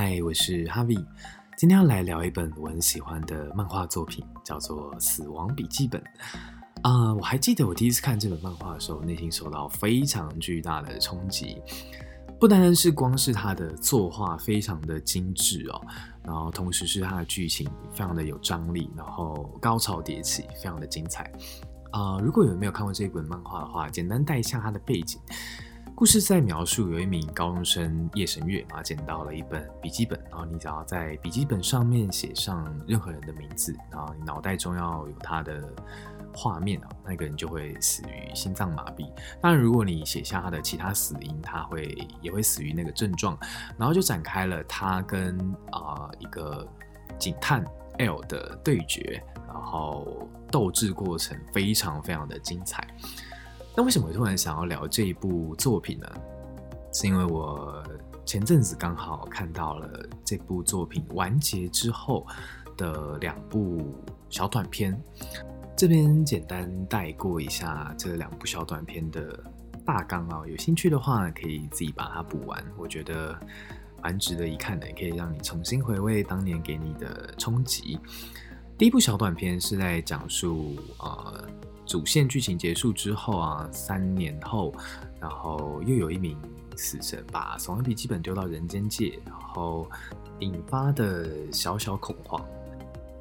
嗨，我是哈比。今天要來聊一本我很喜歡的漫畫作品，叫做《死亡筆記本》啊。Uh, 我還記得我第一次看這本漫畫的時候，內心受到非常巨大的衝擊，不單單是光是它的作畫非常的精緻哦，然後同時是它的劇情非常的有張力，然後高潮迭起，非常的精彩啊。Uh, 如果有人沒有看過這一本漫畫的話，簡單帶一下它的背景。故事在描述有一名高中生夜神月，啊撿到了一本筆記本，然後你只要在筆記本上面寫上任何人的名字，然後你腦袋中要有他的畫面，那個人就會死於心臟麻痹。當然，如果你寫下他的其他死因，他會也會死於那個症狀。然後就展開了他跟啊、呃、一個警探 L 的對決，然後鬥智過程非常非常的精彩。那為什麼我突然想要聊這一部作品呢？是因為我前陣子剛好看到了這部作品完結之後的兩部小短片，這邊簡單帶過一下這兩部小短片的大綱哦。有興趣的話可以自己把它補完，我覺得蠻值得一看的，也可以讓你重新回味當年給你的衝擊。第一部小短片是在講述，呃，主線劇情結束之後啊，三年後，然後又有一名死神把死亡筆記本丟到人間界，然後引發的小小恐慌。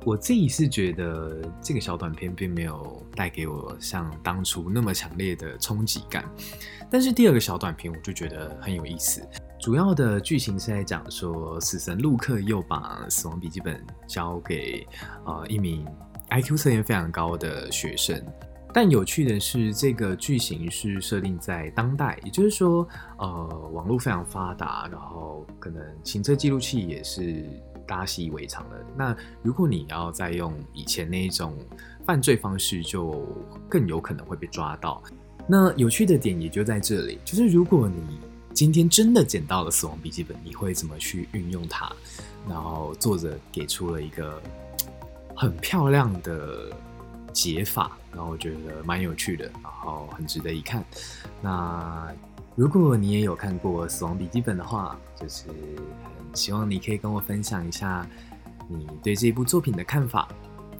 我自己是覺得這個小短片並沒有帶給我像當初那麼強烈的衝擊感，但是第二個小短片我就覺得很有意思。主要的劇情是在講說，死神陸克又把死亡筆記本交給呃一名 IQ 測驗非常高的學生。但有趣的是，這個劇情是設定在當代，也就是說，呃，網絡非常發達，然後可能行車記錄器也是大家習以為常的。那如果你要再用以前那一種犯罪方式，就更有可能會被抓到。那有趣的點也就在這裡，就是如果你今天真的撿到了《死亡筆記本》，你會怎麼去運用它？然後作者給出了一個很漂亮的解法，然後我覺得蠻有趣的，然後很值得一看。那如果你也有看過《死亡筆記本》的話，就是很希望你可以跟我分享一下你對這部作品的看法。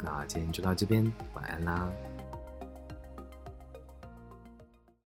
那今天就到這邊，晚安啦。